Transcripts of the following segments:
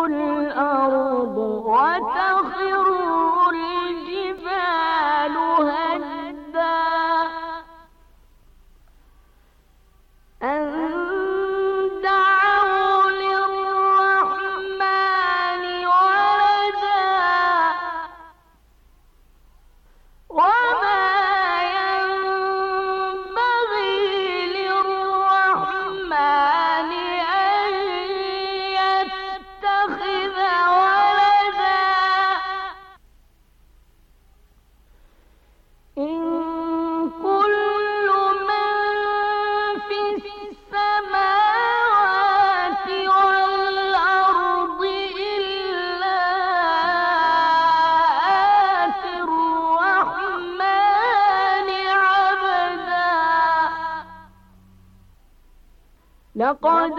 الأرض وتخر لقد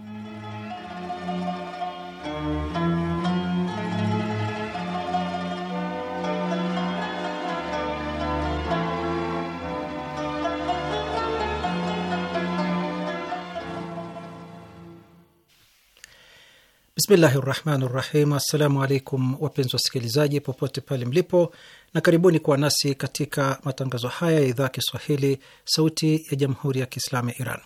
Bismillahi rahmani rahim. Assalamu alaikum wapenzi wasikilizaji popote pale mlipo, na karibuni kuwa nasi katika matangazo haya ya idhaa ya Kiswahili sauti ya jamhuri ya Kiislamu ya Iran.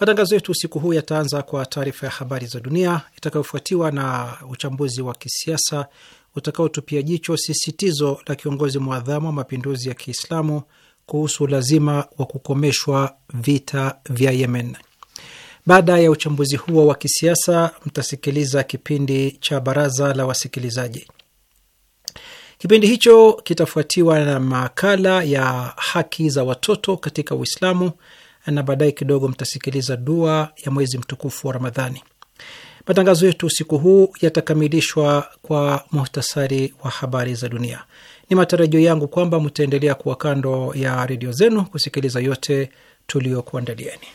Matangazo yetu usiku huu yataanza kwa taarifa ya habari za dunia itakayofuatiwa na uchambuzi wa kisiasa utakaotupia jicho sisitizo la kiongozi mwadhamu wa mapinduzi ya Kiislamu kuhusu lazima wa kukomeshwa vita vya Yemen. Baada ya uchambuzi huo wa kisiasa, mtasikiliza kipindi cha baraza la wasikilizaji. Kipindi hicho kitafuatiwa na makala ya haki za watoto katika Uislamu na baadaye kidogo mtasikiliza dua ya mwezi mtukufu wa Ramadhani. Matangazo yetu usiku huu yatakamilishwa kwa muhtasari wa habari za dunia. Ni matarajio yangu kwamba mtaendelea kuwa kando ya redio zenu kusikiliza yote tuliyokuandalieni.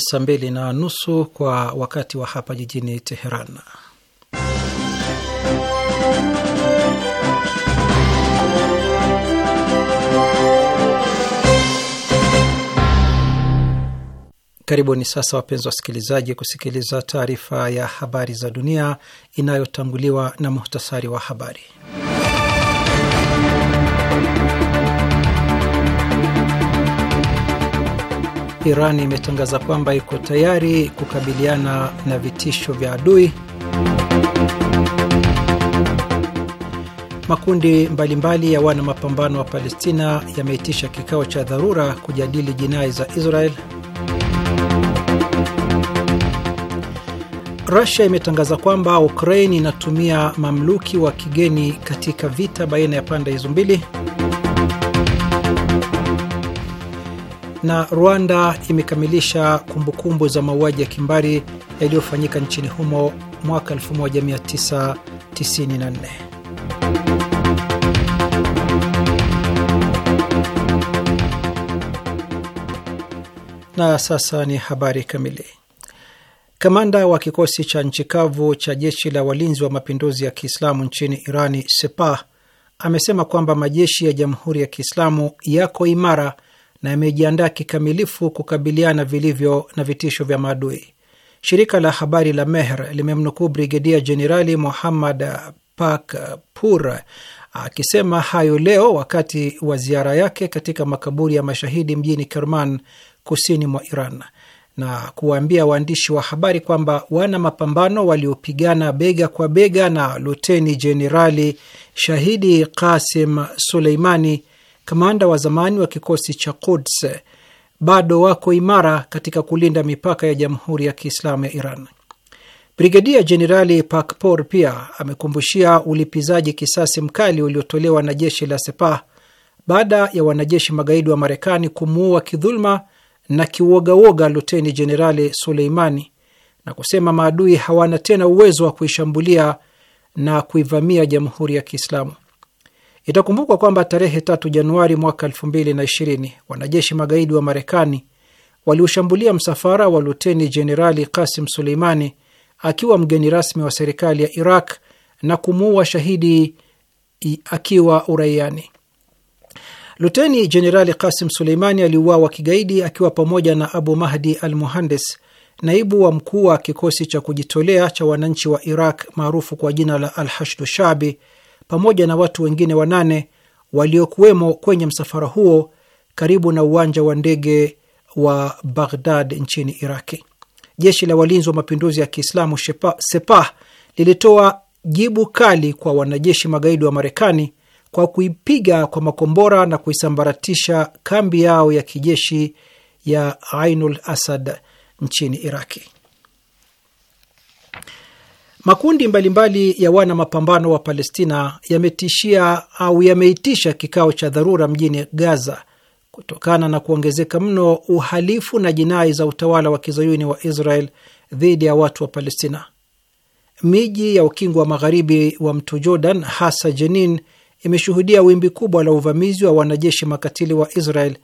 saa mbili na nusu kwa wakati wa hapa jijini Teheran. Karibuni sasa wapenzi wasikilizaji, kusikiliza taarifa ya habari za dunia inayotanguliwa na muhtasari wa habari. Iran imetangaza kwamba iko tayari kukabiliana na vitisho vya adui. Makundi mbalimbali mbali ya wana mapambano wa Palestina yameitisha kikao cha dharura kujadili jinai za Israel. Rusia imetangaza kwamba Ukraine inatumia mamluki wa kigeni katika vita baina ya pande hizo mbili. Na Rwanda imekamilisha kumbukumbu za mauaji ya kimbari yaliyofanyika nchini humo mwaka 1994. Na sasa ni habari kamili. Kamanda wa kikosi cha nchi kavu cha jeshi la walinzi wa mapinduzi ya Kiislamu nchini Irani, Sepah, amesema kwamba majeshi ya Jamhuri ya Kiislamu yako imara na yamejiandaa kikamilifu kukabiliana vilivyo na vitisho vya maadui. Shirika la habari la Mehr limemnukuu Brigedia Jenerali Muhammad Pakpur akisema hayo leo wakati wa ziara yake katika makaburi ya mashahidi mjini Kerman, kusini mwa Iran, na kuwaambia waandishi wa habari kwamba wana mapambano waliopigana bega kwa bega na Luteni Jenerali shahidi Kasim Suleimani kamanda wa zamani wa kikosi cha Quds, bado wako imara katika kulinda mipaka ya Jamhuri ya Kiislamu ya Iran. Brigedia Jenerali Pakpor pia amekumbushia ulipizaji kisasi mkali uliotolewa na jeshi la Sepah baada ya wanajeshi magaidi wa Marekani kumuua kidhuluma na kiwogawoga Luteni Jenerali Suleimani na kusema maadui hawana tena uwezo wa kuishambulia na kuivamia Jamhuri ya Kiislamu. Itakumbukwa kwamba tarehe tatu Januari mwaka elfu mbili na ishirini wanajeshi magaidi wa Marekani waliushambulia msafara wa luteni jenerali Kasim Suleimani akiwa mgeni rasmi wa serikali ya Iraq na kumuua shahidi akiwa uraiani. Luteni Jenerali Kasim Suleimani aliuawa kigaidi akiwa pamoja na Abu Mahdi al Muhandes, naibu wa mkuu wa kikosi cha kujitolea cha wananchi wa Iraq maarufu kwa jina la Al Hashdu Shabi pamoja na watu wengine wanane waliokuwemo kwenye msafara huo karibu na uwanja wa ndege wa Baghdad nchini Iraki. Jeshi la walinzi wa mapinduzi ya Kiislamu Sepah lilitoa jibu kali kwa wanajeshi magaidi wa Marekani kwa kuipiga kwa makombora na kuisambaratisha kambi yao ya kijeshi ya Ainul Asad nchini Iraki. Makundi mbalimbali mbali ya wana mapambano wa Palestina yametishia au yameitisha kikao cha dharura mjini Gaza kutokana na kuongezeka mno uhalifu na jinai za utawala wa kizayuni wa Israel dhidi ya watu wa Palestina. Miji ya ukingo wa magharibi wa mto Jordan, hasa Jenin, imeshuhudia wimbi kubwa la uvamizi wa wanajeshi makatili wa Israel,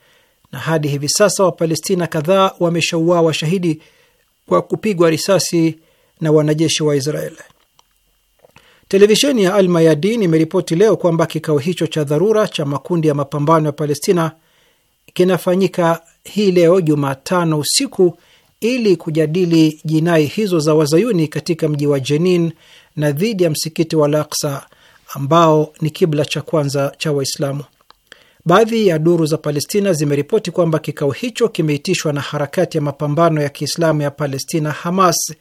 na hadi hivi sasa Wapalestina kadhaa wameshauawa shahidi kwa kupigwa risasi na wanajeshi wa israel Televisheni ya Al Mayadin imeripoti leo kwamba kikao hicho cha dharura cha makundi ya mapambano ya Palestina kinafanyika hii leo Jumatano usiku ili kujadili jinai hizo za wazayuni katika mji wa Jenin na dhidi ya msikiti wa Al-Aqsa ambao ni kibla cha kwanza cha Waislamu. Baadhi ya duru za Palestina zimeripoti kwamba kikao hicho kimeitishwa na harakati ya mapambano ya Kiislamu ya Palestina, Hamas,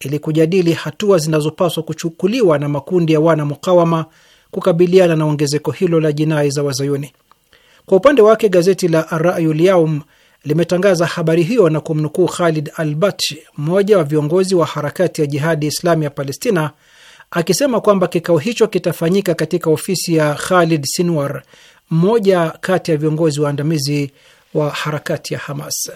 ili kujadili hatua zinazopaswa kuchukuliwa na makundi ya wana mukawama kukabiliana na ongezeko hilo la jinai za Wazayuni. Kwa upande wake gazeti la Arayul Yaum limetangaza habari hiyo na kumnukuu Khalid Al-Batsh, mmoja wa viongozi wa harakati ya Jihadi Islami ya Palestina, akisema kwamba kikao hicho kitafanyika katika ofisi ya Khalid Sinwar, mmoja kati ya viongozi waandamizi wa harakati ya Hamas.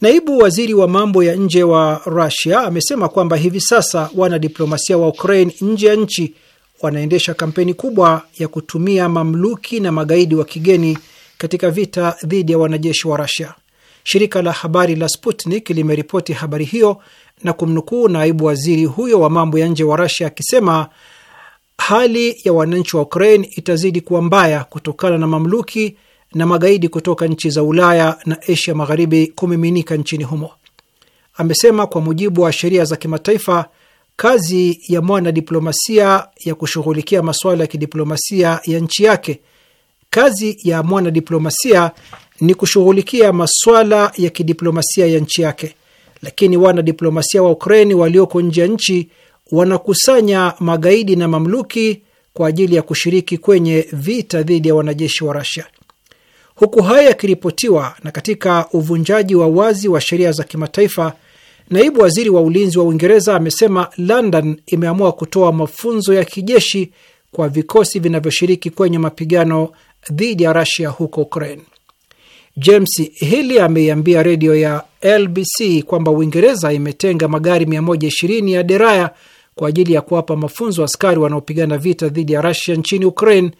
Naibu waziri wa mambo ya nje wa Rusia amesema kwamba hivi sasa wanadiplomasia wa Ukraine nje ya nchi wanaendesha kampeni kubwa ya kutumia mamluki na magaidi wa kigeni katika vita dhidi ya wanajeshi wa rasia Shirika la habari la Sputnik limeripoti habari hiyo na kumnukuu naibu waziri huyo wa mambo ya nje wa rasia akisema hali ya wananchi wa Ukraine itazidi kuwa mbaya kutokana na mamluki na magaidi kutoka nchi za Ulaya na Asia Magharibi kumiminika nchini humo. Amesema kwa mujibu wa sheria za kimataifa, kazi ya mwanadiplomasia ya kushughulikia masuala ya kidiplomasia ya nchi yake, kazi ya mwanadiplomasia ni kushughulikia masuala ya kidiplomasia ya nchi yake, lakini wanadiplomasia wa Ukraini walioko nje ya nchi wanakusanya magaidi na mamluki kwa ajili ya kushiriki kwenye vita dhidi ya wanajeshi wa Rasia huku haya yakiripotiwa na katika uvunjaji wa wazi wa sheria za kimataifa, naibu waziri wa ulinzi wa Uingereza amesema London imeamua kutoa mafunzo ya kijeshi kwa vikosi vinavyoshiriki kwenye mapigano dhidi ya rasia huko Ukraine. James Healy ameiambia redio ya LBC kwamba Uingereza imetenga magari 120 ya deraya kwa ajili ya kuwapa mafunzo askari wanaopigana vita dhidi ya rasia nchini Ukraine,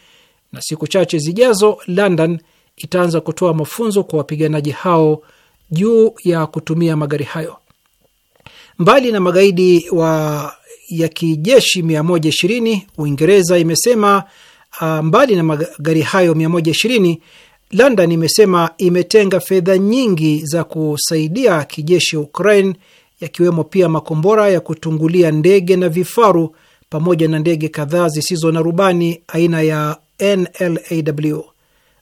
na siku chache zijazo London itaanza kutoa mafunzo kwa wapiganaji hao juu ya kutumia magari hayo. Mbali na magaidi wa ya kijeshi 120 Uingereza imesema uh, mbali na magari hayo 120 London imesema imetenga fedha nyingi za kusaidia kijeshi Ukraine, yakiwemo pia makombora ya kutungulia ndege na vifaru pamoja na ndege kadhaa zisizo na rubani aina ya NLAW.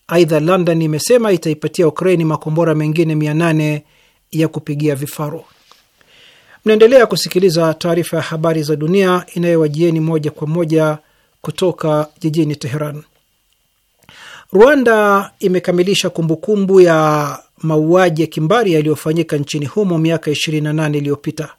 Aidha, London imesema itaipatia Ukraini makombora mengine 8 ya kupigia vifaru. Mnaendelea kusikiliza taarifa ya habari za dunia inayowajieni moja kwa moja kutoka jijini Teheran. Rwanda imekamilisha kumbukumbu ya mauaji ya kimbari yaliyofanyika nchini humo miaka 28 iliyopita.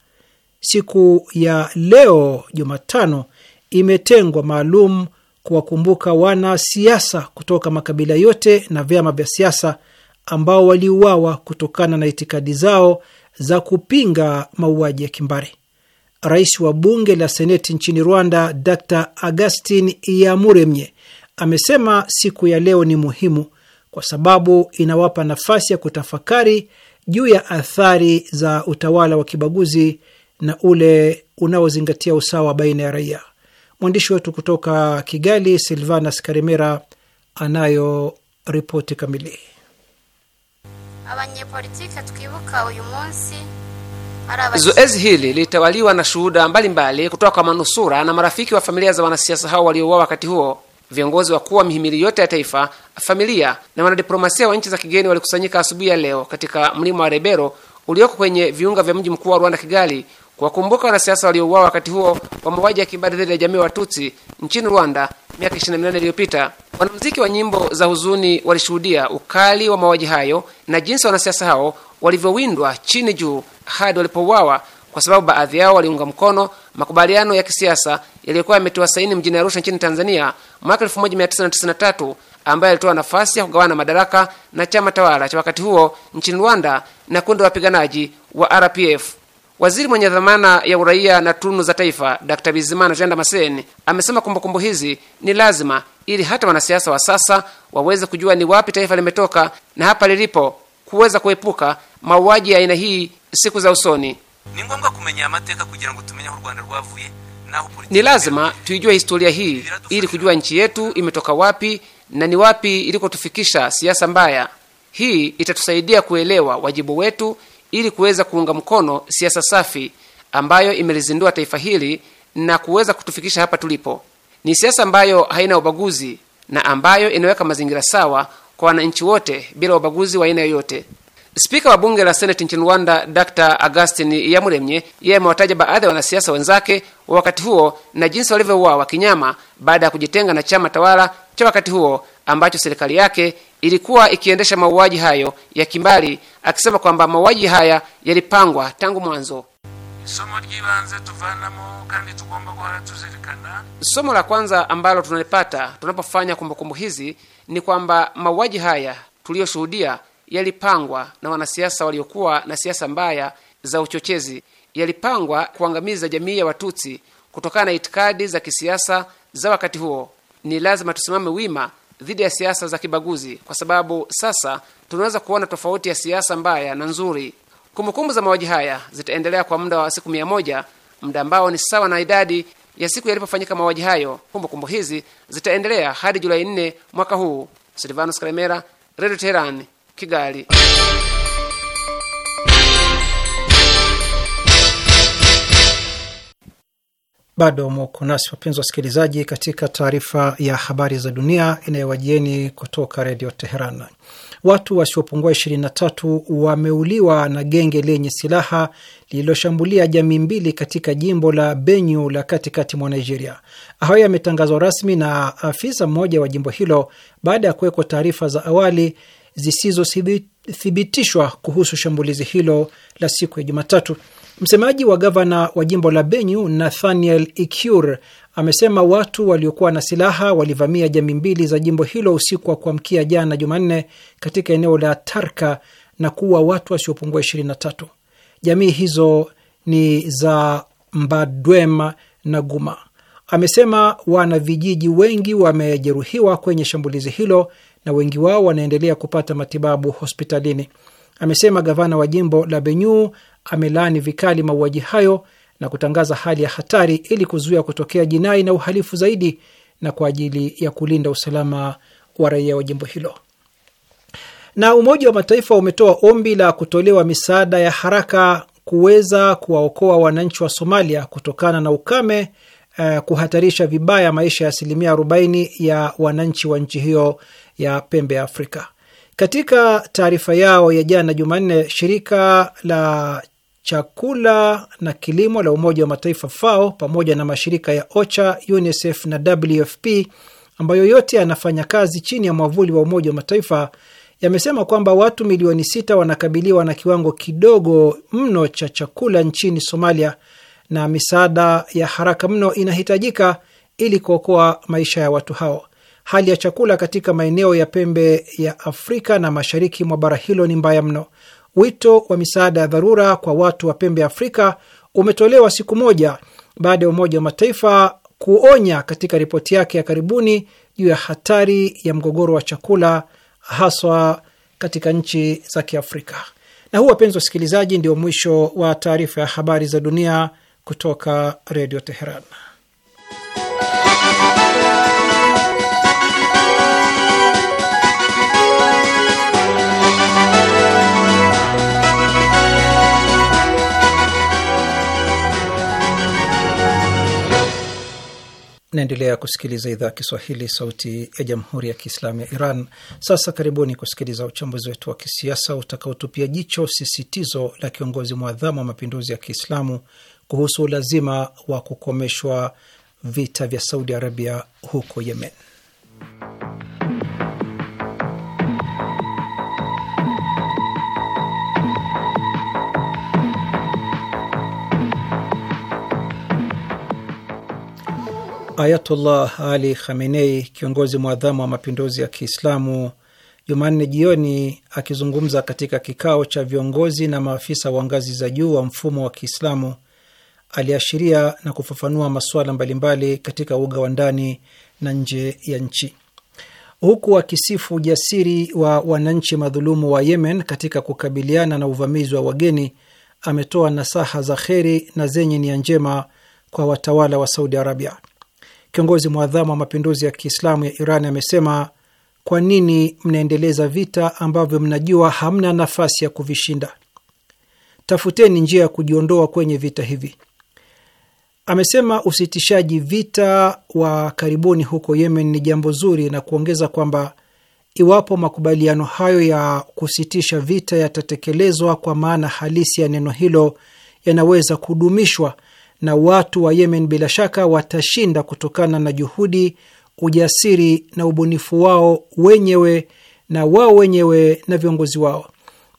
Siku ya leo Jumatano imetengwa maalum kuwakumbuka wanasiasa kutoka makabila yote na vyama vya siasa ambao waliuawa kutokana na itikadi zao za kupinga mauaji ya kimbari. Rais wa bunge la seneti nchini Rwanda, Dr Augustin Iyamuremye, amesema siku ya leo ni muhimu kwa sababu inawapa nafasi ya kutafakari juu ya athari za utawala wa kibaguzi na ule unaozingatia usawa baina ya raia. Mwandishi wetu kutoka Kigali, Silvanas Karimera, anayo ripoti kamili. Zoezi hili lilitawaliwa na shuhuda mbalimbali kutoka kwa manusura na marafiki wa familia za wanasiasa hao waliouawa wakati huo. Viongozi wakuu wa mihimili yote ya taifa, familia na wanadiplomasia wa nchi za kigeni walikusanyika asubuhi ya leo katika mlima wa Rebero ulioko kwenye viunga vya mji mkuu wa Rwanda, Kigali, kuwakumbuka wanasiasa waliouawa wakati huo wa mauaji ya kimbari dhidi ya jamii Tutsi nchini Rwanda miaka 28 iliyopita. Wanamuziki wa nyimbo za huzuni walishuhudia ukali wa mauaji hayo na jinsi wanasiasa hao walivyowindwa chini juu hadi walipouawa, kwa sababu baadhi yao waliunga mkono makubaliano ya kisiasa yaliyokuwa yametiwa saini mjini Arusha nchini Tanzania mwaka 1993 ambayo alitoa nafasi ya kugawana madaraka na chama tawala cha wakati huo nchini Rwanda na kundi la wapiganaji wa RPF. Waziri mwenye dhamana ya uraia na tunu za taifa Dr. Bizimana Jean Damascene amesema kumbukumbu hizi ni lazima ili hata wanasiasa wa sasa waweze kujua ni wapi taifa limetoka na hapa lilipo kuweza kuepuka mauaji ya aina hii siku za usoni. Ni lazima tuijue historia hii ili kujua nchi yetu imetoka wapi na ni wapi ilikotufikisha siasa mbaya. Hii itatusaidia kuelewa wajibu wetu ili kuweza kuunga mkono siasa safi ambayo imelizindua taifa hili na kuweza kutufikisha hapa tulipo. Ni siasa ambayo haina ubaguzi na ambayo inaweka mazingira sawa kwa wananchi wote bila ubaguzi wa aina yoyote. Spika wa bunge la seneti nchini Rwanda, Dr Augustin Yamuremye, yeye amewataja baadhi ya wanasiasa wenzake wa wakati huo na jinsi walivyouawa kinyama baada ya kujitenga na chama tawala cha wakati huo ambacho serikali yake ilikuwa ikiendesha mauaji hayo ya kimbali, akisema kwamba mauaji haya yalipangwa tangu mwanzo. Somo la kwanza ambalo tunalipata tunapofanya kumbukumbu hizi ni kwamba mauaji haya tuliyoshuhudia yalipangwa na wanasiasa waliokuwa na siasa mbaya za uchochezi, yalipangwa kuangamiza jamii ya Watutsi kutokana na itikadi za kisiasa za wakati huo. Ni lazima tusimame wima dhidi ya siasa za kibaguzi, kwa sababu sasa tunaweza kuona tofauti ya siasa mbaya na nzuri. Kumbukumbu za mauaji haya zitaendelea kwa muda wa siku mia moja, muda ambao ni sawa na idadi ya siku yalipofanyika mauaji hayo. Kumbukumbu hizi zitaendelea hadi Julai 4 mwaka huu. Silvanus Kalemera, Redio Teherani. Kigali. Bado mwoko nasi wapenzi wasikilizaji, katika taarifa ya habari za dunia inayowajieni kutoka redio Teheran. Watu wasiopungua 23 wameuliwa na genge lenye silaha lililoshambulia jamii mbili katika jimbo la Benue la katikati mwa Nigeria. Hayo yametangazwa rasmi na afisa mmoja wa jimbo hilo baada ya kuwekwa taarifa za awali zisizothibitishwa kuhusu shambulizi hilo la siku ya Jumatatu. Msemaji wa gavana wa jimbo la benyu Nathaniel icur amesema watu waliokuwa na silaha walivamia jamii mbili za jimbo hilo usiku wa kuamkia jana Jumanne katika eneo la Tarka na kuua watu wasiopungua 23. Jamii hizo ni za Mbadwema na Guma. Amesema wana vijiji wengi wamejeruhiwa kwenye shambulizi hilo na wengi wao wanaendelea kupata matibabu hospitalini, amesema gavana wa jimbo la Benue. Amelaani vikali mauaji hayo na kutangaza hali ya hatari ili kuzuia kutokea jinai na uhalifu zaidi na kwa ajili ya kulinda usalama wa raia wa jimbo hilo. Na Umoja wa Mataifa umetoa ombi la kutolewa misaada ya haraka kuweza kuwaokoa wananchi wa Somalia kutokana na ukame uh, kuhatarisha vibaya maisha ya asilimia 40 ya wananchi wa nchi hiyo ya pembe ya Afrika. Katika taarifa yao ya jana Jumanne, shirika la chakula na kilimo la Umoja wa Mataifa FAO pamoja na mashirika ya OCHA, UNICEF na WFP ambayo yote yanafanya kazi chini ya mwavuli wa Umoja wa Mataifa yamesema kwamba watu milioni sita wanakabiliwa na kiwango kidogo mno cha chakula nchini Somalia na misaada ya haraka mno inahitajika ili kuokoa maisha ya watu hao. Hali ya chakula katika maeneo ya pembe ya Afrika na mashariki mwa bara hilo ni mbaya mno. Wito wa misaada ya dharura kwa watu wa pembe ya Afrika umetolewa siku moja baada ya Umoja wa Mataifa kuonya katika ripoti yake ya karibuni juu ya hatari ya mgogoro wa chakula haswa katika nchi za Kiafrika. Na huu, wapenzi wasikilizaji, ndio mwisho wa taarifa ya habari za dunia kutoka Redio Teheran. Naendelea kusikiliza idhaa ya Kiswahili, sauti ya jamhuri ya kiislamu ya Iran. Sasa karibuni kusikiliza uchambuzi wetu wa kisiasa utakaotupia jicho sisitizo la kiongozi mwadhamu wa mapinduzi ya Kiislamu kuhusu ulazima wa kukomeshwa vita vya Saudi Arabia huko Yemen. Ayatullah Ali Khamenei, kiongozi mwadhamu wa mapinduzi ya Kiislamu, Jumanne jioni akizungumza katika kikao cha viongozi na maafisa wa ngazi za juu wa mfumo wa Kiislamu aliashiria na kufafanua masuala mbalimbali katika uga wa ndani na nje ya nchi huku akisifu ujasiri wa wananchi madhulumu wa Yemen katika kukabiliana na uvamizi wa wageni. Ametoa nasaha za kheri na zenye nia njema kwa watawala wa Saudi Arabia. Kiongozi mwadhamu wa mapinduzi ya Kiislamu ya Iran amesema, kwa nini mnaendeleza vita ambavyo mnajua hamna nafasi ya kuvishinda? Tafuteni njia ya kujiondoa kwenye vita hivi. Amesema usitishaji vita wa karibuni huko Yemen ni jambo zuri na kuongeza kwamba iwapo makubaliano hayo ya kusitisha vita yatatekelezwa kwa maana halisi ya neno hilo, yanaweza kudumishwa na watu wa Yemen bila shaka watashinda kutokana na juhudi, ujasiri na ubunifu wao wenyewe na wao wenyewe na viongozi wao,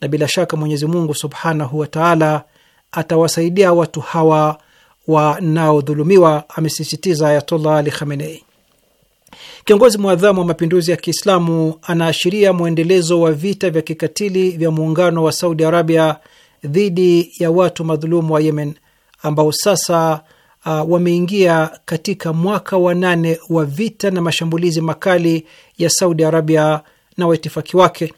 na bila shaka Mwenyezi Mungu subhanahu wa taala atawasaidia watu hawa wanaodhulumiwa, amesisitiza Ayatollah Ali Khamenei. Kiongozi mwadhamu wa mapinduzi ya Kiislamu anaashiria mwendelezo wa vita vya kikatili vya muungano wa Saudi Arabia dhidi ya watu madhulumu wa Yemen ambao sasa uh, wameingia katika mwaka wa nane wa vita na mashambulizi makali ya Saudi Arabia na waitifaki wake.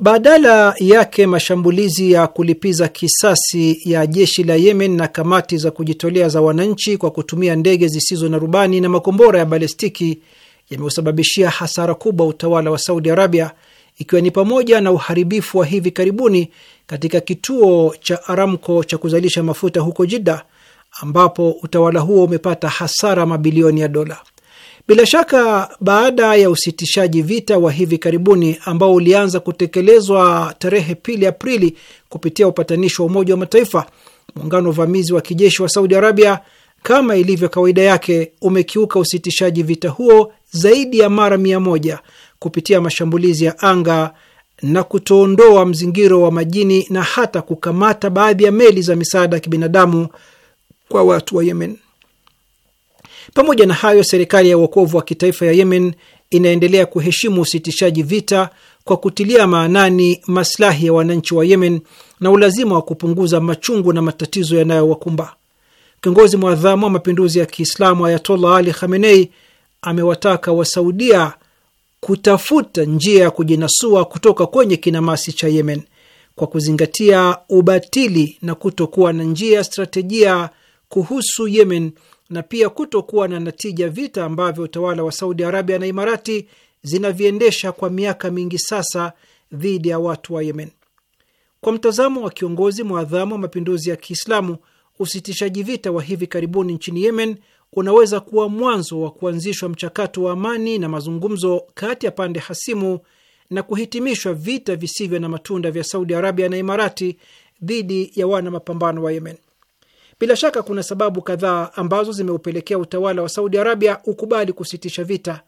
Badala yake mashambulizi ya kulipiza kisasi ya jeshi la Yemen na kamati za kujitolea za wananchi kwa kutumia ndege zisizo na rubani na makombora ya balistiki yameusababishia hasara kubwa utawala wa Saudi Arabia, ikiwa ni pamoja na uharibifu wa hivi karibuni katika kituo cha Aramco cha kuzalisha mafuta huko Jidda, ambapo utawala huo umepata hasara mabilioni ya dola. Bila shaka baada ya usitishaji vita wa hivi karibuni ambao ulianza kutekelezwa tarehe pili Aprili kupitia upatanishi wa Umoja wa Mataifa, muungano vamizi wa kijeshi wa Saudi Arabia kama ilivyo kawaida yake umekiuka usitishaji vita huo zaidi ya mara mia moja kupitia mashambulizi ya anga na kutoondoa mzingiro wa majini na hata kukamata baadhi ya meli za misaada ya kibinadamu kwa watu wa Yemen. Pamoja na hayo, serikali ya uokovu wa kitaifa ya Yemen inaendelea kuheshimu usitishaji vita kwa kutilia maanani maslahi ya wananchi wa Yemen na ulazima wa kupunguza machungu na matatizo yanayowakumba. Kiongozi mwadhamu wa mapinduzi ya Kiislamu Ayatollah Ali Khamenei amewataka Wasaudia kutafuta njia ya kujinasua kutoka kwenye kinamasi cha Yemen kwa kuzingatia ubatili na kutokuwa na njia ya stratejia kuhusu Yemen na pia kutokuwa na natija vita ambavyo utawala wa Saudi Arabia na Imarati zinaviendesha kwa miaka mingi sasa dhidi ya watu wa Yemen. Kwa mtazamo wa kiongozi mwadhamu wa mapinduzi ya Kiislamu, usitishaji vita wa hivi karibuni nchini Yemen unaweza kuwa mwanzo wa kuanzishwa mchakato wa amani na mazungumzo kati ya pande hasimu na kuhitimishwa vita visivyo na matunda vya Saudi Arabia na Imarati dhidi ya wana mapambano wa Yemen. Bila shaka kuna sababu kadhaa ambazo zimeupelekea utawala wa Saudi Arabia ukubali kusitisha vita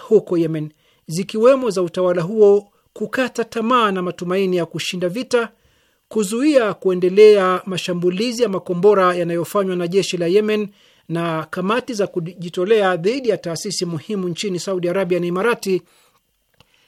huko Yemen, zikiwemo za utawala huo kukata tamaa na matumaini ya kushinda vita, kuzuia kuendelea mashambulizi ya makombora yanayofanywa na jeshi la Yemen na kamati za kujitolea dhidi ya taasisi muhimu nchini Saudi Arabia na Imarati,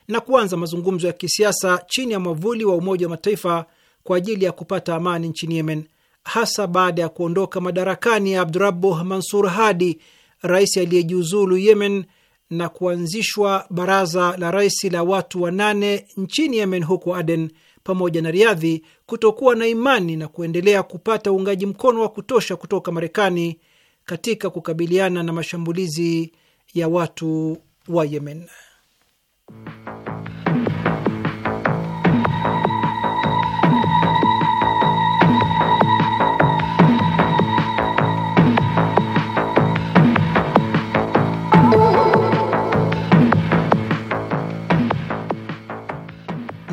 na kuanza mazungumzo ya kisiasa chini ya mwavuli wa Umoja wa Mataifa kwa ajili ya kupata amani nchini Yemen hasa baada ya kuondoka madarakani Abdurabuh Mansur Hadi, rais aliyejiuzulu Yemen, na kuanzishwa baraza la rais la watu wanane nchini Yemen, huko Aden pamoja na Riadhi, kutokuwa na imani na kuendelea kupata uungaji mkono wa kutosha kutoka Marekani katika kukabiliana na mashambulizi ya watu wa Yemen.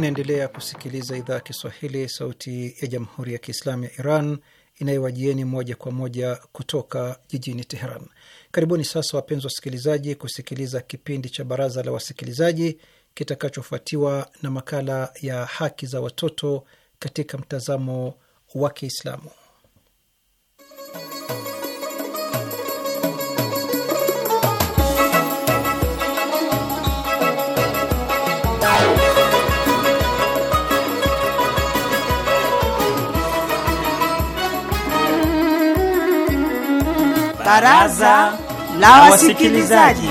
Mnaendelea kusikiliza idhaa ya Kiswahili, sauti ya jamhuri ya kiislamu ya Iran inayowajieni moja kwa moja kutoka jijini Teheran. Karibuni sasa, wapenzi wasikilizaji, kusikiliza kipindi cha baraza la wasikilizaji kitakachofuatiwa na makala ya haki za watoto katika mtazamo wa Kiislamu. Baraza la Wasikilizaji.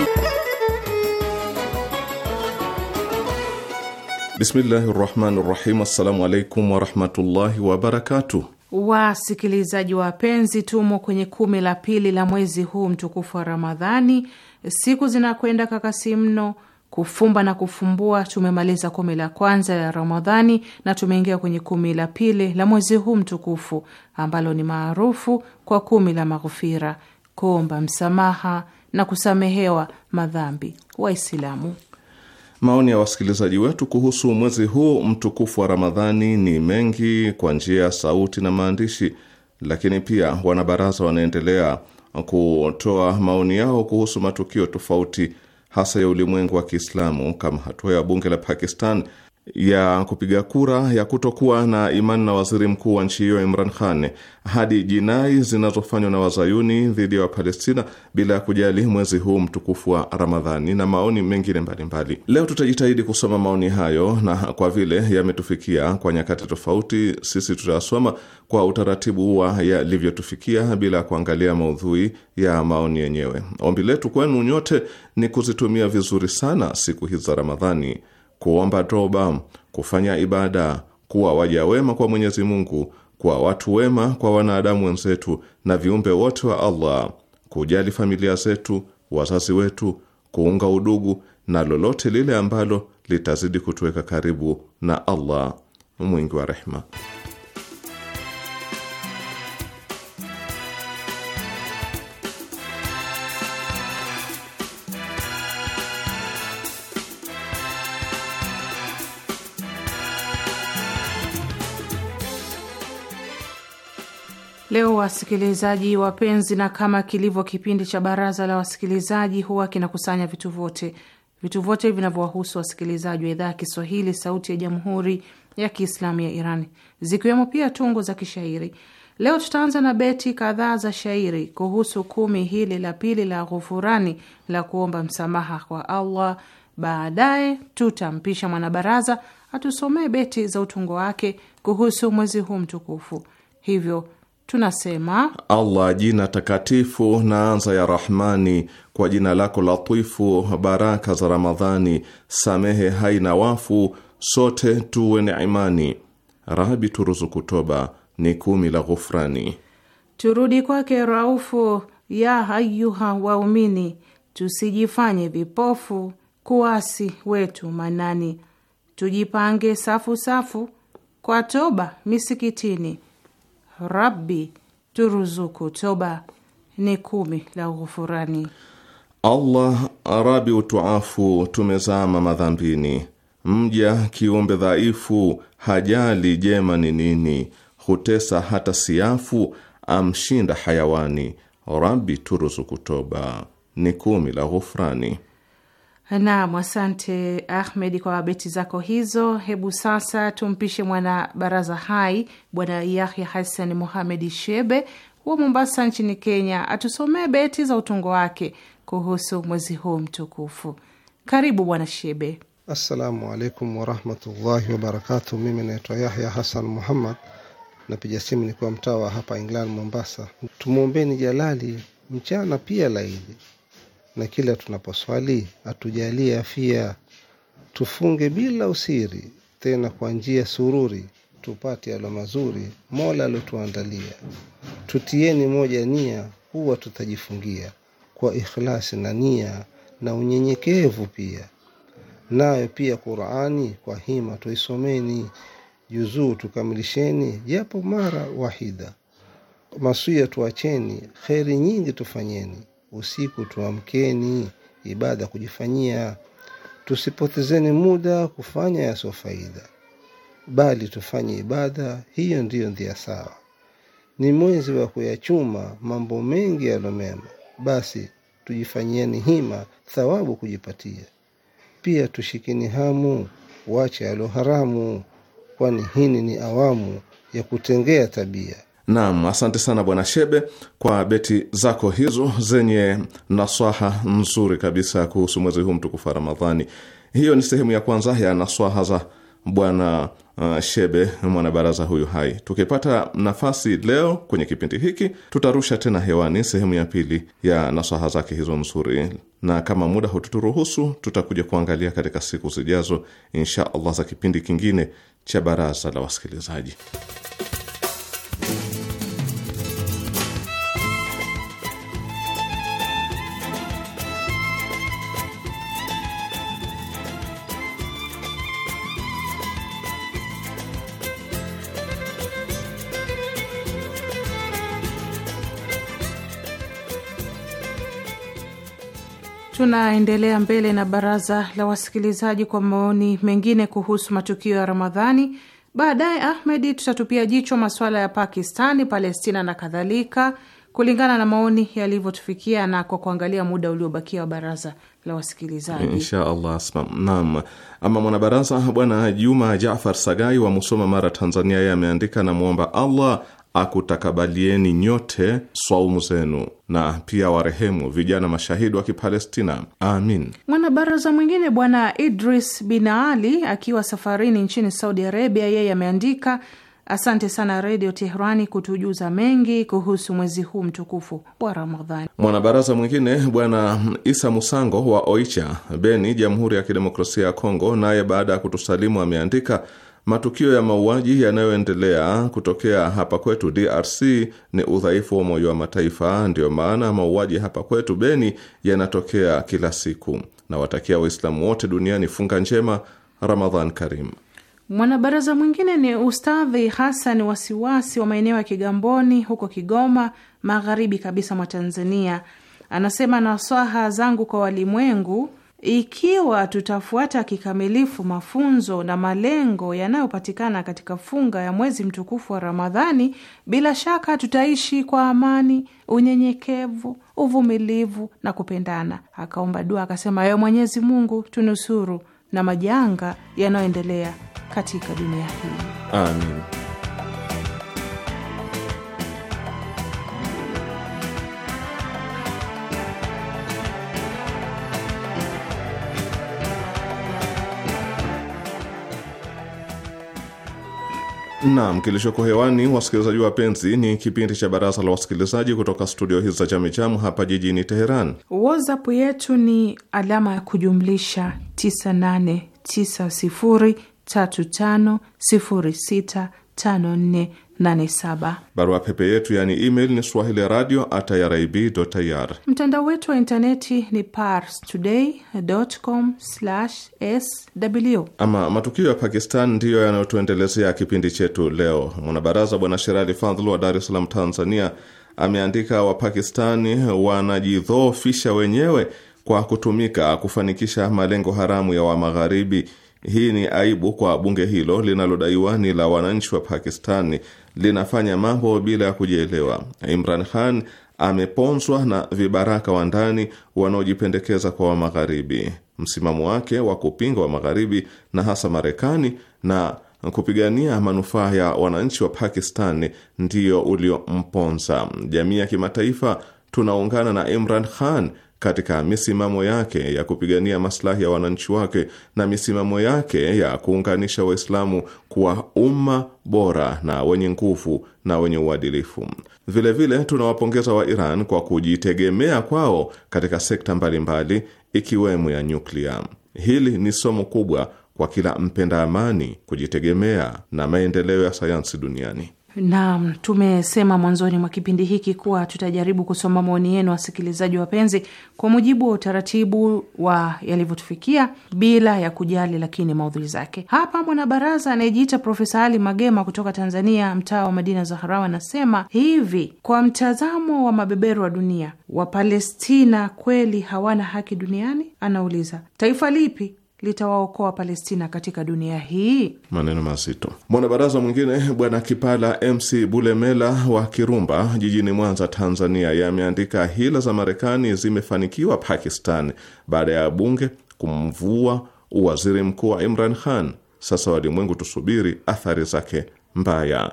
Bismillahi rahmani rahim. Assalamu alaikum warahmatullahi wabarakatuh. Wasikilizaji wapenzi, tumo kwenye kumi la pili la mwezi huu mtukufu wa Ramadhani. Siku zinakwenda kakasi mno, kufumba na kufumbua. Tumemaliza kumi la kwanza ya Ramadhani na tumeingia kwenye kumi la pili la mwezi huu mtukufu ambalo ni maarufu kwa kumi la maghfira kuomba msamaha na kusamehewa madhambi Waislamu. Maoni ya wasikilizaji wetu kuhusu mwezi huu mtukufu wa Ramadhani ni mengi kwa njia ya sauti na maandishi, lakini pia wanabaraza wanaendelea kutoa maoni yao kuhusu matukio tofauti hasa ya ulimwengu wa Kiislamu kama hatua ya bunge la Pakistan ya kupiga kura ya kutokuwa na imani na waziri mkuu wa nchi hiyo Imran Khan hadi jinai zinazofanywa na wazayuni dhidi ya Wapalestina bila ya kujali mwezi huu mtukufu wa Ramadhani na maoni mengine mbalimbali. Leo tutajitahidi kusoma maoni hayo, na kwa vile yametufikia kwa nyakati tofauti, sisi tutayasoma kwa utaratibu wa yalivyotufikia bila ya kuangalia maudhui ya maoni yenyewe. Ombi letu kwenu nyote ni kuzitumia vizuri sana siku hizi za Ramadhani kuomba toba, kufanya ibada, kuwa waja wema kwa Mwenyezi Mungu, kwa watu wema, kwa wanadamu wenzetu na viumbe wote wa Allah, kujali familia zetu, wazazi wetu, kuunga udugu na lolote lile ambalo litazidi kutuweka karibu na Allah mwingi wa rehma Leo wasikilizaji wapenzi, na kama kilivyo kipindi cha baraza la wasikilizaji, huwa kinakusanya vitu vyote vitu vyote vinavyowahusu wasikilizaji wa idhaa ya Kiswahili sauti ya jamhuri ya Kiislamu ya Iran, zikiwemo pia tungo za kishairi. Leo tutaanza na beti kadhaa za shairi kuhusu kumi hili la pili la Ghufurani la kuomba msamaha kwa Allah. Baadaye tutampisha mwanabaraza atusomee beti za utungo wake kuhusu mwezi huu mtukufu, hivyo Tunasema Allah jina takatifu na anza ya Rahmani, kwa jina lako latifu, baraka za Ramadhani, samehe hai na wafu, sote tuwe na imani. rahabi turuzuku toba ni kumi la ghufrani. Turudi kwake Raufu, ya ayuha waumini, tusijifanye vipofu, kuasi wetu manani, tujipange safu safu, kwa toba misikitini Rabbi turuzuku toba ni kumi la ghufurani. Allah Rabi utuafu, tumezama madhambini. Mja kiumbe dhaifu, hajali jema ni nini, hutesa hata siafu, amshinda hayawani. Rabi turuzuku toba ni kumi la ghufurani Nam, asante Ahmed kwa beti zako hizo. Hebu sasa tumpishe mwana baraza hai Bwana Yahya Hassan Muhamedi Shebe wa Mombasa nchini Kenya, atusomee beti za utungo wake kuhusu mwezi huu mtukufu. Karibu Bwana Shebe. Assalamu alaikum warahmatullahi wabarakatu. Mimi naitwa Yahya Hassan Muhammad, napiga simu nikiwa mtaa wa hapa England, Mombasa. Tumwombeni Jalali mchana pia laili na kila tunaposwali atujalie afia, tufunge bila usiri, tena kwa njia sururi, tupate alo mazuri Mola alotuandalia. Tutieni moja nia, huwa tutajifungia kwa ikhlasi na nia na unyenyekevu pia. Nayo pia Qurani kwa hima tuisomeni, juzuu tukamilisheni, japo mara wahida. masuya tuacheni, kheri nyingi tufanyeni usiku tuamkeni ibada kujifanyia, tusipotezeni muda kufanya yasio faida, bali tufanye ibada. Hiyo ndiyo ndia sawa. Ni mwezi wa kuyachuma mambo mengi yalomema, basi tujifanyieni hima thawabu kujipatia. Pia tushikini hamu wache yalo haramu, kwani hini ni awamu ya kutengea tabia. Naam, asante sana Bwana Shebe kwa beti zako hizo zenye naswaha nzuri kabisa kuhusu mwezi huu mtukufu wa Ramadhani. Hiyo ni sehemu ya kwanza ya naswaha za Bwana uh, Shebe, mwanabaraza huyu hai. Tukipata nafasi leo kwenye kipindi hiki, tutarusha tena hewani sehemu ya pili ya naswaha zake hizo nzuri, na kama muda hututuruhusu, tutakuja kuangalia katika siku zijazo insha Allah za kipindi kingine cha baraza la wasikilizaji. Tunaendelea mbele na baraza la wasikilizaji kwa maoni mengine kuhusu matukio ya Ramadhani. Baadaye Ahmedi, tutatupia jicho masuala ya Pakistani, Palestina na kadhalika, kulingana na maoni yalivyotufikia na kwa kuangalia muda uliobakia wa baraza la wasikilizaji insha Allah. naam. Ama mwanabaraza Bwana Juma Jafar Sagai wa Musoma, Mara, Tanzania, yeye ameandika, namwomba Allah akutakabalieni nyote swaumu zenu na pia warehemu vijana mashahidi wa Kipalestina, amin. Mwanabaraza mwingine Bwana Idris bin Ali akiwa safarini nchini Saudi Arabia, yeye ameandika Asante sana Redio Teherani kutujuza mengi kuhusu mwezi huu mtukufu wa Ramadhani. Mwanabaraza mwingine Bwana Isa Musango wa Oicha, Beni, Jamhuri ya Kidemokrasia ya Kongo, naye baada ya kutusalimu ameandika Matukio ya mauaji yanayoendelea kutokea hapa kwetu DRC ni udhaifu wa Umoja wa Mataifa. Ndiyo maana mauaji hapa kwetu Beni yanatokea kila siku. Nawatakia Waislamu wote duniani funga njema, Ramadhan Karim. Mwanabaraza mwingine ni Ustadhi Hasani Wasiwasi wa maeneo ya Kigamboni huko Kigoma, magharibi kabisa mwa Tanzania. Anasema, nasaha zangu kwa walimwengu ikiwa tutafuata kikamilifu mafunzo na malengo yanayopatikana katika funga ya mwezi mtukufu wa Ramadhani, bila shaka tutaishi kwa amani, unyenyekevu, uvumilivu na kupendana. Akaomba dua akasema, ewe Mwenyezi Mungu, tunusuru na majanga yanayoendelea katika dunia hii, amin. Naam, kilichoko hewani wasikilizaji wapenzi, ni kipindi cha baraza la wasikilizaji kutoka studio hizi za Chamichamu hapa jijini Teheran. WhatsApp yetu ni alama ya kujumlisha 9890350654 Barua pepe yetu yani email ni swahili radio at irib ir. Mtandao wetu wa intaneti ni pars today com sw. Ama matukio ya Pakistan ndiyo yanayotuendelezea kipindi chetu leo. Mwanabaraza Bwana Sherali Fadhl wa Dar es Salaam, Tanzania, ameandika Wapakistani wanajidhoofisha wenyewe kwa kutumika kufanikisha malengo haramu ya Wamagharibi. Hii ni aibu kwa bunge hilo linalodaiwa ni la wananchi wa Pakistani, linafanya mambo bila ya kujielewa. Imran Khan ameponzwa na vibaraka wa ndani wanaojipendekeza kwa Wamagharibi. Msimamo wake wa kupinga wa Magharibi na hasa Marekani na kupigania manufaa ya wananchi wa Pakistani ndiyo uliomponza jamii ya kimataifa. Tunaungana na Imran Khan katika misimamo yake ya kupigania maslahi ya wananchi wake na misimamo yake ya kuunganisha Waislamu kuwa umma bora na wenye nguvu na wenye uadilifu. Vilevile tunawapongeza wa Iran kwa kujitegemea kwao katika sekta mbalimbali ikiwemo ya nyuklia. Hili ni somo kubwa kwa kila mpenda amani, kujitegemea na maendeleo ya sayansi duniani. Naam, tumesema mwanzoni mwa kipindi hiki kuwa tutajaribu kusoma maoni yenu, wasikilizaji wapenzi, kwa mujibu wa utaratibu wa yalivyotufikia bila ya kujali lakini maudhui zake. Hapa mwanabaraza anayejiita Profesa Ali Magema kutoka Tanzania, mtaa wa Madina Zaharau, anasema hivi: kwa mtazamo wa mabeberu wa dunia, Wapalestina kweli hawana haki duniani? Anauliza taifa lipi litawaokoa Palestina katika dunia hii? Maneno mazito. Mwanabaraza mwingine Bwana Kipala MC Bulemela wa Kirumba jijini Mwanza, Tanzania, yameandika hila za Marekani zimefanikiwa Pakistan baada ya bunge kumvua uwaziri mkuu wa Imran Khan. Sasa walimwengu tusubiri athari zake mbaya.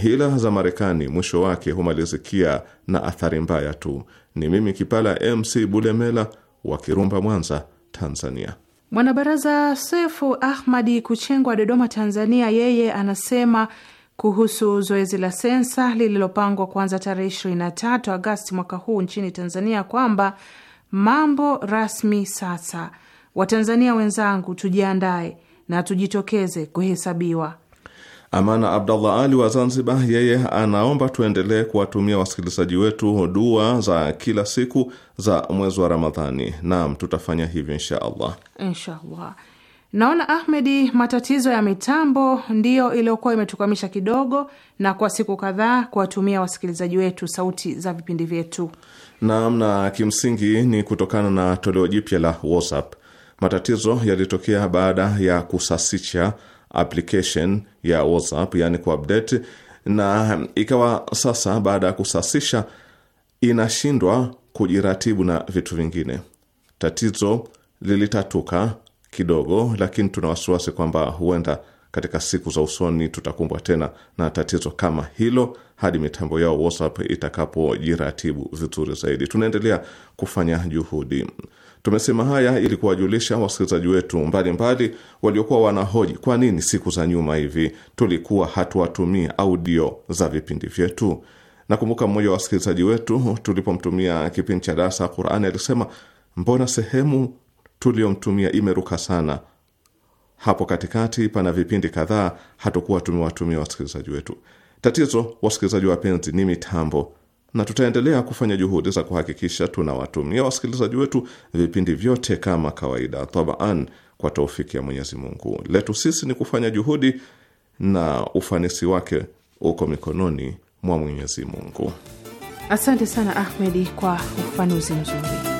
Hila za Marekani mwisho wake humalizikia na athari mbaya tu. Ni mimi Kipala MC Bulemela wa Kirumba, Mwanza, Tanzania. Mwanabaraza Sefu Ahmadi Kuchengwa, Dodoma, Tanzania, yeye anasema kuhusu zoezi la sensa lililopangwa kuanza tarehe ishirini tatu Agasti mwaka huu nchini Tanzania kwamba mambo rasmi sasa. Watanzania wenzangu, tujiandae na tujitokeze kuhesabiwa. Amana Abdallah Ali wa Zanzibar, yeye anaomba tuendelee kuwatumia wasikilizaji wetu dua za kila siku za mwezi wa Ramadhani. Naam, tutafanya hivyo insha allah, insha allah. Naona Ahmedi, matatizo ya mitambo ndiyo iliyokuwa imetukwamisha kidogo, na kwa siku kadhaa kuwatumia wasikilizaji wetu sauti za vipindi vyetu. Naam, na kimsingi ni kutokana na toleo jipya la WhatsApp. Matatizo yalitokea baada ya kusasisha application ya WhatsApp, yani kuupdate, na ikawa sasa baada ya kusasisha inashindwa kujiratibu na vitu vingine. Tatizo lilitatuka kidogo, lakini tuna wasiwasi kwamba huenda katika siku za usoni tutakumbwa tena na tatizo kama hilo hadi mitambo yao WhatsApp itakapojiratibu vizuri zaidi. Tunaendelea kufanya juhudi. Tumesema haya ili kuwajulisha wasikilizaji wetu mbalimbali waliokuwa wanahoji kwa nini siku za nyuma hivi tulikuwa hatuwatumii audio za vipindi vyetu. Nakumbuka mmoja wa wasikilizaji wetu tulipomtumia kipindi cha darasa Qur'ani alisema, mbona sehemu tuliyomtumia imeruka sana hapo katikati pana vipindi kadhaa hatukuwa tumewatumia wasikilizaji wetu. Tatizo wasikilizaji wapenzi, ni mitambo na tutaendelea kufanya juhudi za kuhakikisha tunawatumia wasikilizaji wetu vipindi vyote kama kawaida, tabaan, kwa taufiki ya Mwenyezi Mungu. Letu sisi ni kufanya juhudi na ufanisi wake uko mikononi mwa Mwenyezi Mungu. Asante sana Ahmedi kwa ufanuzi mzuri.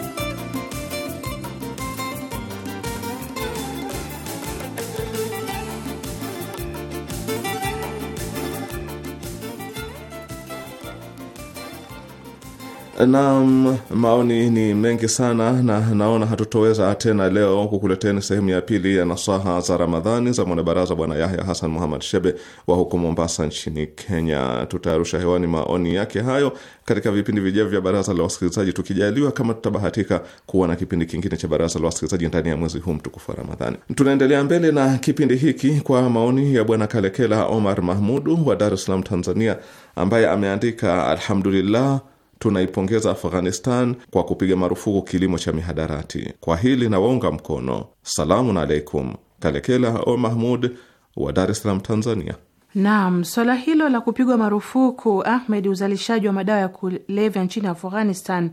Naam, maoni ni mengi sana na naona hatutoweza tena leo kukuleteni sehemu ya pili ya nasaha za Ramadhani za mwanabaraza Bwana Yahya Hasan Muhammad Shebe wa huko Mombasa nchini Kenya. Tutayarusha hewani maoni yake hayo katika vipindi vijavyo vya baraza la wasikilizaji, tukijaliwa, kama tutabahatika kuwa na kipindi kingine cha baraza la wasikilizaji ndani ya mwezi huu mtukufu wa Ramadhani. Tunaendelea mbele na kipindi hiki kwa maoni ya Bwana Kalekela Omar Mahmudu wa Dar es Salaam, Tanzania, ambaye ameandika alhamdulillah tunaipongeza Afghanistan kwa kupiga marufuku kilimo cha mihadarati. Kwa hili nawaunga mkono. Salamu alaikum. Kalekela O Mahmud wa Dar es Salaam, Tanzania. Naam, swala hilo la kupigwa marufuku Ahmed uzalishaji wa madawa ya kulevya nchini Afghanistan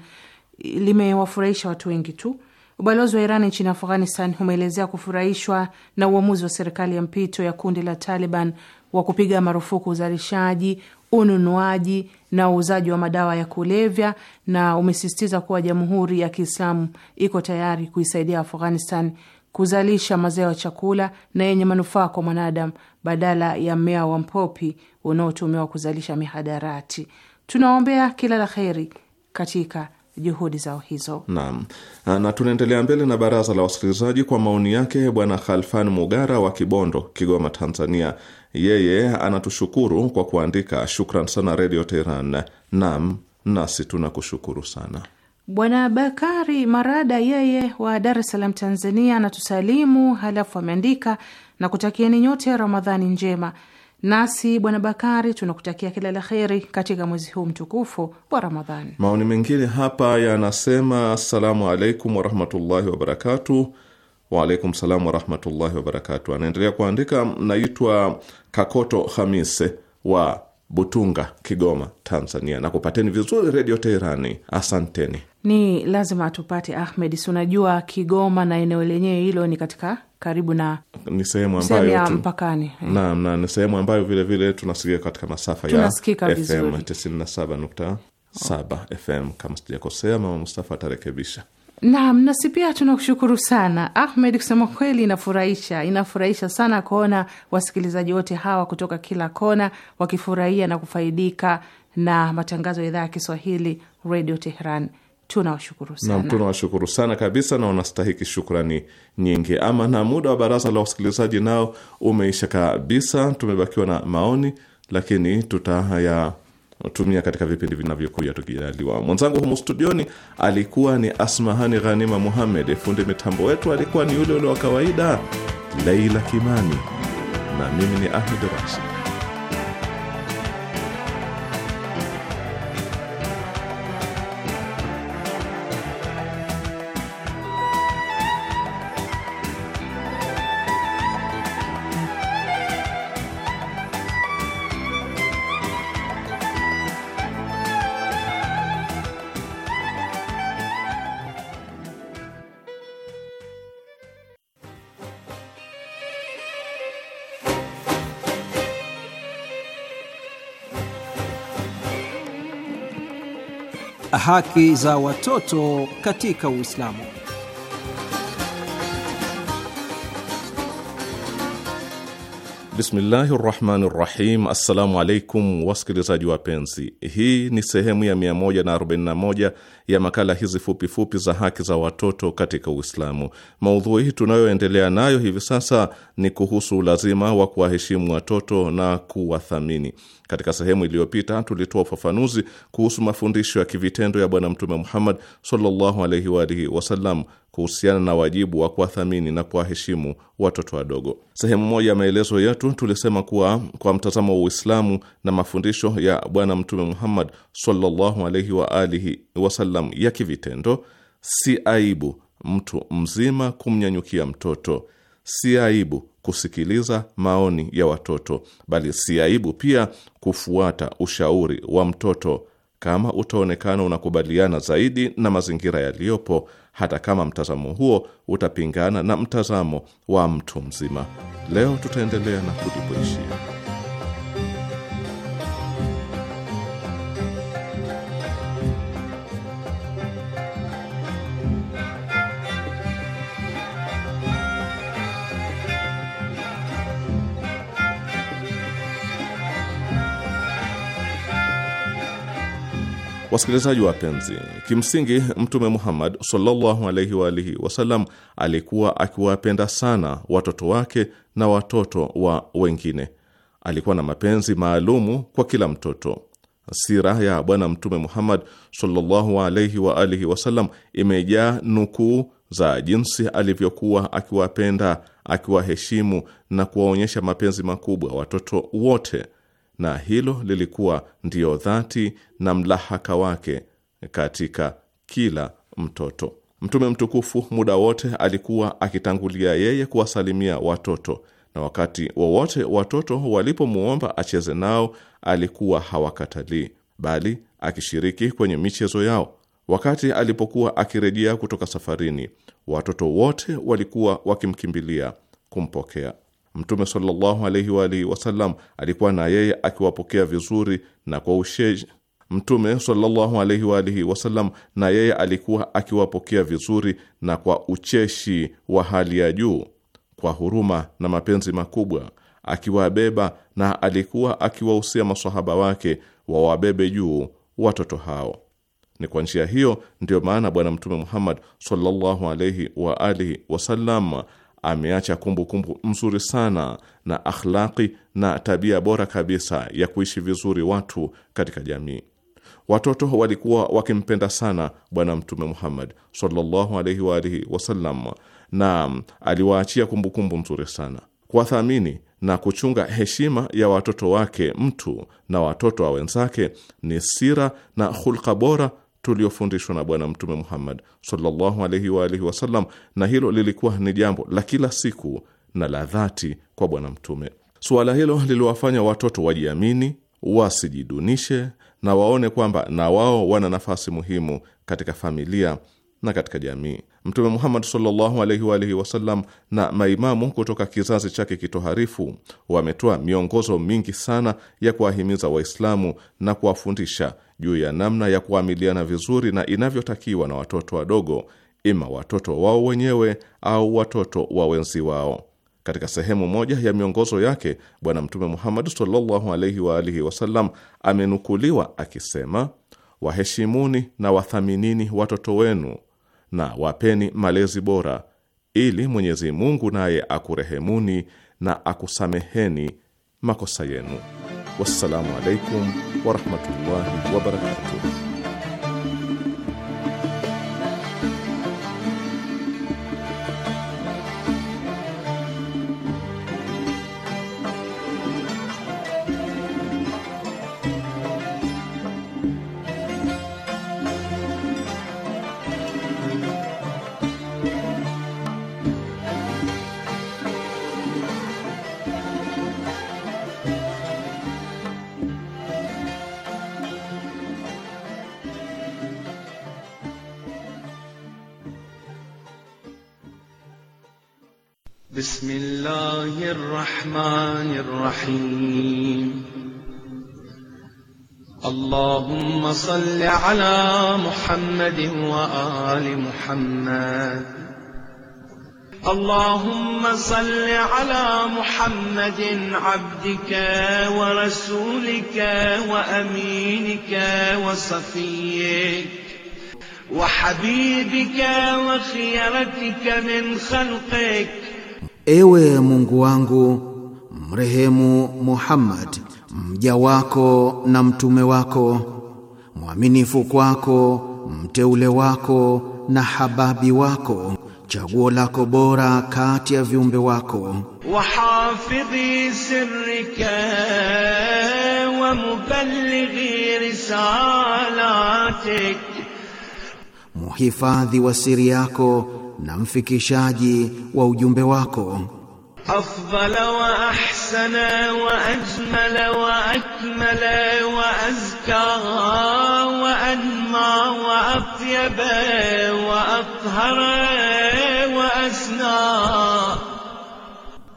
limewafurahisha watu wengi tu. Ubalozi wa Iran nchini Afghanistan umeelezea kufurahishwa na uamuzi wa serikali ya mpito ya kundi la Taliban wa kupiga marufuku uzalishaji, ununuaji na uuzaji wa madawa ya kulevya na umesisitiza kuwa Jamhuri ya Kiislamu iko tayari kuisaidia Afghanistan kuzalisha mazao ya chakula na yenye manufaa kwa mwanadamu badala ya mmea wa mpopi unaotumiwa kuzalisha mihadarati. Tunaombea kila la heri katika juhudi zao hizo. Naam, na tunaendelea mbele na baraza la wasikilizaji kwa maoni yake Bwana Khalfan Mugara wa Kibondo, Kigoma, Tanzania, yeye anatushukuru kwa kuandika, shukran sana Redio Teheran. Nam, nasi tuna kushukuru sana. Bwana Bakari Marada yeye wa Dar es Salaam, Tanzania, anatusalimu halafu ameandika na kutakieni nyote Ramadhani njema. Nasi Bwana Bakari tunakutakia kila la heri katika mwezi huu mtukufu wa Ramadhani. Maoni mengine hapa yanasema, assalamu alaikum warahmatullahi wabarakatuh Waalaikum salam warahmatullahi wabarakatu. Anaendelea kuandika, naitwa Kakoto Hamise wa Butunga, Kigoma, Tanzania. Nakupateni vizuri Redio Teherani, asanteni. Ni lazima tupate Ahmed, si unajua Kigoma na eneo lenyewe hilo ni katika karibu na ni sehemu ambayo tu, mpakani naam, na ni sehemu ambayo vilevile tunasikia katika masafa ya FM 97.7 FM kama sijakosea. Mama Mustafa atarekebisha. Naam, si pia tunakushukuru sana Ahmed. Kusema kweli, inafurahisha inafurahisha sana kuona wasikilizaji wote hawa kutoka kila kona wakifurahia na kufaidika na matangazo ya idhaa ya Kiswahili Radio Tehran. Tunawashukuru sana, tunawashukuru sana kabisa, na wanastahiki shukrani nyingi. Ama na muda wa baraza la wasikilizaji nao umeisha kabisa, tumebakiwa na maoni, lakini tutaya tumia katika vipindi vinavyokuja tukijaliwa. Mwenzangu humu studioni alikuwa ni Asmahani Ghanima Muhammed, fundi mitambo wetu alikuwa ni yule ule wa kawaida Leila Kimani, na mimi ni Ahmed Rashid. haki za watoto katika Uislamu. Bismillahi rahmani rahim. Assalamu alaikum wasikilizaji wapenzi, hii ni sehemu ya 141 ya makala hizi fupifupi fupi za haki za watoto katika Uislamu. Maudhui hii tunayoendelea nayo hivi sasa ni kuhusu ulazima wa kuwaheshimu watoto na kuwathamini. Katika sehemu iliyopita tulitoa ufafanuzi kuhusu mafundisho ya kivitendo ya Bwana Mtume Muhammad sallallahu alaihi wa alihi wasallam kuhusiana na wajibu wa kuwathamini na kuwaheshimu watoto wadogo. Sehemu moja ya maelezo yetu tulisema kuwa kwa mtazamo wa Uislamu na mafundisho ya Bwana Mtume Muhammad sallallahu alaihi wa alihi wasallam ya kivitendo, si aibu mtu mzima kumnyanyukia mtoto si aibu kusikiliza maoni ya watoto, bali si aibu pia kufuata ushauri wa mtoto kama utaonekana unakubaliana zaidi na mazingira yaliyopo, hata kama mtazamo huo utapingana na mtazamo wa mtu mzima. Leo tutaendelea na kulipoishia. Wasikilizaji wapenzi, kimsingi Mtume Muhammad sallallahu alaihi wa alihi wasallam alikuwa akiwapenda sana watoto wake na watoto wa wengine. Alikuwa na mapenzi maalumu kwa kila mtoto. Sira ya Bwana Mtume Muhammad sallallahu alaihi wa alihi wasallam imejaa nukuu za jinsi alivyokuwa akiwapenda, akiwaheshimu na kuwaonyesha mapenzi makubwa watoto wote na hilo lilikuwa ndiyo dhati na mlahaka wake katika kila mtoto. Mtume mtukufu muda wote alikuwa akitangulia yeye kuwasalimia watoto, na wakati wowote watoto walipomwomba acheze nao alikuwa hawakatalii, bali akishiriki kwenye michezo yao. Wakati alipokuwa akirejea kutoka safarini, watoto wote walikuwa wakimkimbilia kumpokea. Mtume sallallahu alaihi wa alihi wasallam alikuwa na yeye akiwapokea vizuri na kwa usheji. Mtume sallallahu alaihi wa alihi wasallam na yeye alikuwa akiwapokea vizuri na kwa ucheshi wa hali ya juu, kwa huruma na mapenzi makubwa, akiwabeba na alikuwa akiwahusia masahaba wake wawabebe juu watoto hao. Ni kwa njia hiyo ndiyo maana Bwana Mtume Muhammad sallallahu alaihi wa alihi wasallam ameacha kumbukumbu mzuri sana na akhlaki na tabia bora kabisa ya kuishi vizuri watu katika jamii. Watoto walikuwa wakimpenda sana Bwana Mtume Muhammad sallallahu alaihi wa alihi wasallam, na aliwaachia kumbukumbu mzuri sana. Kuwathamini na kuchunga heshima ya watoto wake mtu na watoto wa wenzake ni sira na hulka bora tuliofundishwa na Bwana Mtume Muhammad sallallahu alaihi wa alihi wasallam, na hilo lilikuwa ni jambo la kila siku na la dhati kwa Bwana Mtume. Suala hilo liliwafanya watoto wajiamini, wasijidunishe na waone kwamba na wao wana nafasi muhimu katika familia na katika jamii. Mtume Muhammad sallallahu alaihi wa alihi wasallam na maimamu kutoka kizazi chake kitoharifu wametoa miongozo mingi sana ya kuwahimiza Waislamu na kuwafundisha juu ya namna ya kuamiliana vizuri na inavyotakiwa na watoto wadogo, ima watoto wao wenyewe au watoto wa wenzi wao. Katika sehemu moja ya miongozo yake, Bwana Mtume Muhammad sallallahu alaihi wa alihi wasallam amenukuliwa akisema, waheshimuni na wathaminini watoto wenu na wapeni malezi bora, ili Mwenyezi Mungu naye akurehemuni na akusameheni makosa yenu. Wassalamu alaikum warahmatullahi wabarakatuh. صل على محمد وآل محمد اللهم صل على محمد عبدك ورسولك وأمينك وصفيك وحبيبك وخيرتك من خلقك Ewe Mungu wangu mrehemu Muhammad mja wako na mtume wako mwaminifu kwako, mteule wako na hababi wako, chaguo lako bora kati ya viumbe wako. wahafidhi sirrika wa mubalighi risalatik, muhifadhi wa siri yako na mfikishaji wa ujumbe wako. أفضل وأحسن وأجمل وأكمل وأزكى وأنمى وأطيب وأطهر وأسنى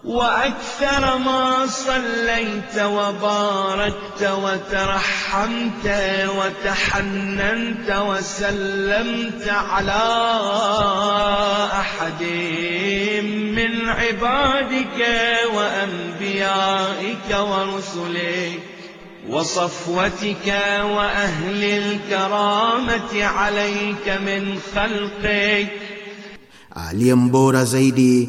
وأكثر ما صليت وباركت وترحمت وتحننت وسلمت على أحد من عبادك وأنبيائك ورسلك وصفوتك وأهل الكرامة عليك من خلقك aliye mbora زيدي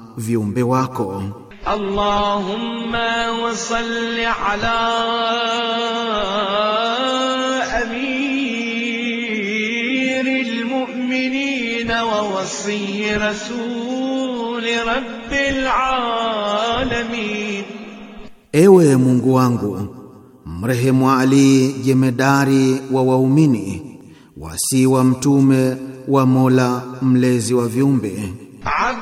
viumbe wako. Allahumma wa salli ala amiril mu'minin wa wasi rasul rabbil alamin, Ewe Mungu wangu mrehemu Ali jemedari wa waumini wasi wa mtume wa Mola mlezi wa viumbe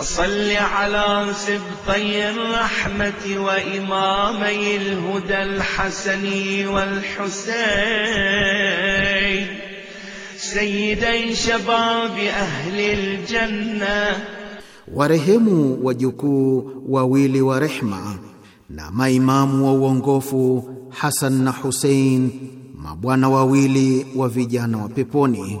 وصل على سبطي الرحمة وإمامي الهدى الحسن والحسين سيدي شباب أهل الجنة warehemu wajukuu wawili wa rehma na maimamu wa uongofu Hasan na Husein, mabwana wawili wa vijana wa peponi.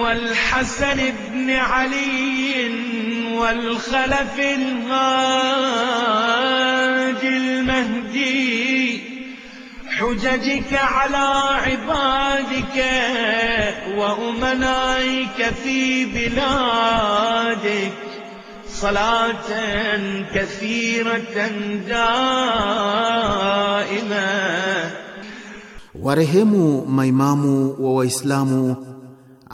والحسن بن علي والخلف الهاج المهدي حججك على عبادك وأمنائك في بلادك صلاة كثيرة دائمة Warehemu ميمامو wa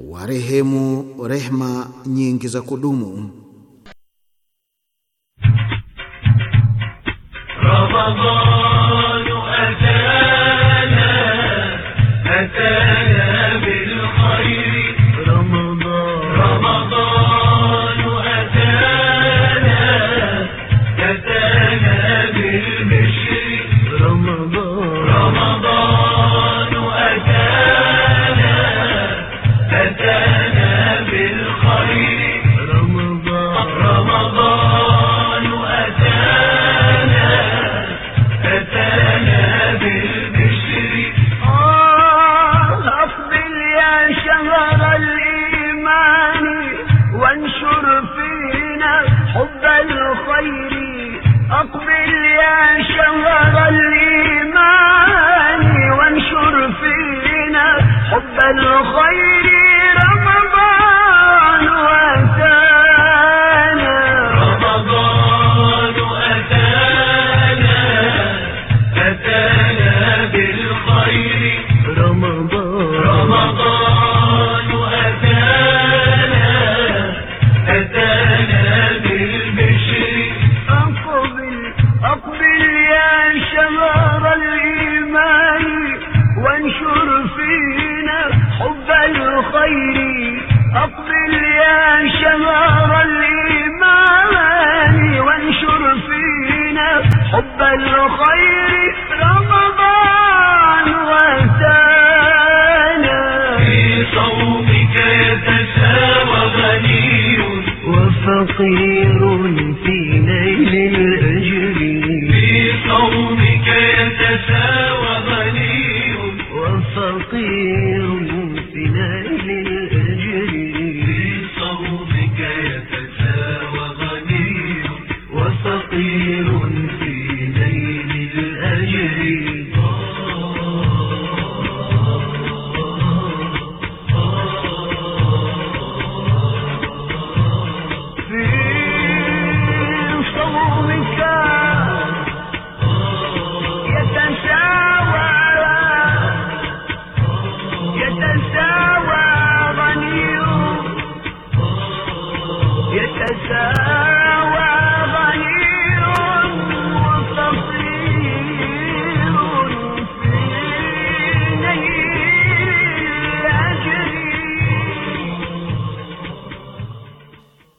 warehemu rehma nyingi za kudumu. Ramadan. الخير فقير في نيل الأجر لقومك يتساوى غني وفقير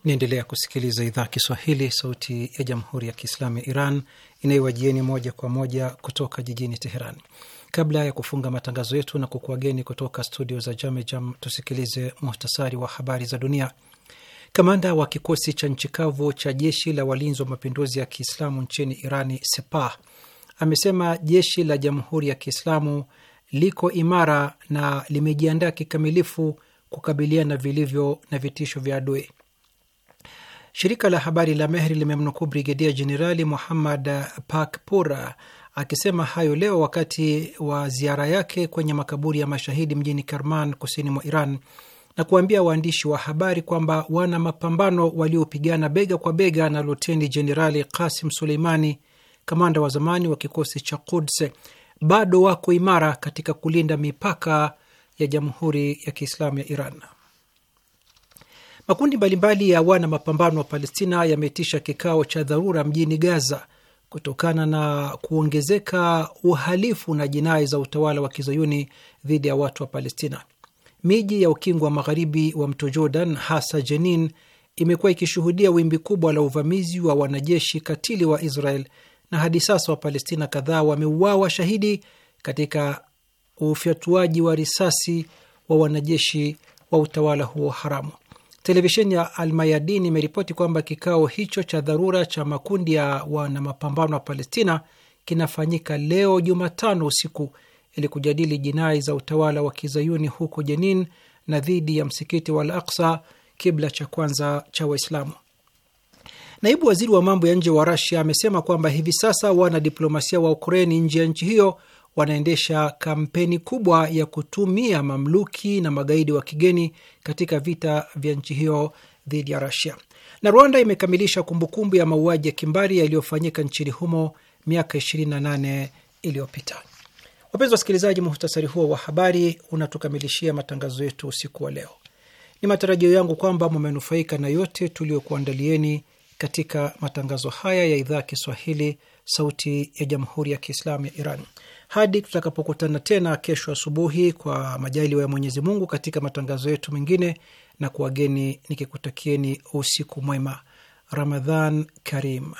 Niendelea kusikiliza idhaa Kiswahili sauti ya jamhuri ya Kiislamu ya Iran inayowajieni moja kwa moja kutoka jijini Teheran. Kabla ya kufunga matangazo yetu na kukuageni kutoka studio za Jamejam, tusikilize muhtasari wa habari za dunia. Kamanda wa kikosi cha nchi kavu cha jeshi la walinzi wa mapinduzi ya Kiislamu nchini Irani, Sepah, amesema jeshi la jamhuri ya Kiislamu liko imara na limejiandaa kikamilifu kukabiliana vilivyo na vitisho vya adui. Shirika la habari la Mehri limemnukuu Brigedia Jenerali Muhammad Pakpura akisema hayo leo wakati wa ziara yake kwenye makaburi ya mashahidi mjini Kerman, kusini mwa Iran, na kuambia waandishi wa habari kwamba wana mapambano waliopigana bega kwa bega na Luteni Jenerali Kasim Suleimani, kamanda wa zamani wa kikosi cha Quds, bado wako imara katika kulinda mipaka ya Jamhuri ya Kiislamu ya Iran. Makundi mbalimbali ya wana mapambano wa Palestina yameitisha kikao cha dharura mjini Gaza kutokana na kuongezeka uhalifu na jinai za utawala wa kizayuni dhidi ya watu wa Palestina. Miji ya ukingo wa magharibi wa mto Jordan, hasa Jenin, imekuwa ikishuhudia wimbi kubwa la uvamizi wa wanajeshi katili wa Israel, na hadi sasa Wapalestina kadhaa wameuawa shahidi katika ufyatuaji wa risasi wa wanajeshi wa utawala huo haramu. Televisheni ya Almayadin imeripoti kwamba kikao hicho cha dharura cha makundi ya wanamapambano wa Palestina kinafanyika leo Jumatano usiku ili kujadili jinai za utawala wa kizayuni huko Jenin na dhidi ya msikiti wa Al Aksa, kibla cha kwanza cha Waislamu. Naibu waziri wa mambo ya nje wa Rasia amesema kwamba hivi sasa wanadiplomasia wa Ukreni nje ya nchi hiyo wanaendesha kampeni kubwa ya kutumia mamluki na magaidi wa kigeni katika vita vya nchi hiyo dhidi ya rasia Na Rwanda imekamilisha kumbukumbu ya mauaji ya kimbari yaliyofanyika nchini humo miaka 28 iliyopita. Wapenzi wasikilizaji, muhtasari huo wa habari unatukamilishia matangazo yetu usiku wa leo. Ni matarajio yangu kwamba mumenufaika na yote tuliyokuandalieni katika matangazo haya ya idhaa ya Kiswahili, Sauti ya Jamhuri ya Kiislamu ya Iran hadi tutakapokutana tena kesho asubuhi, kwa majaliwa ya Mwenyezi Mungu, katika matangazo yetu mengine, na kuwageni nikikutakieni usiku mwema. Ramadhan karim.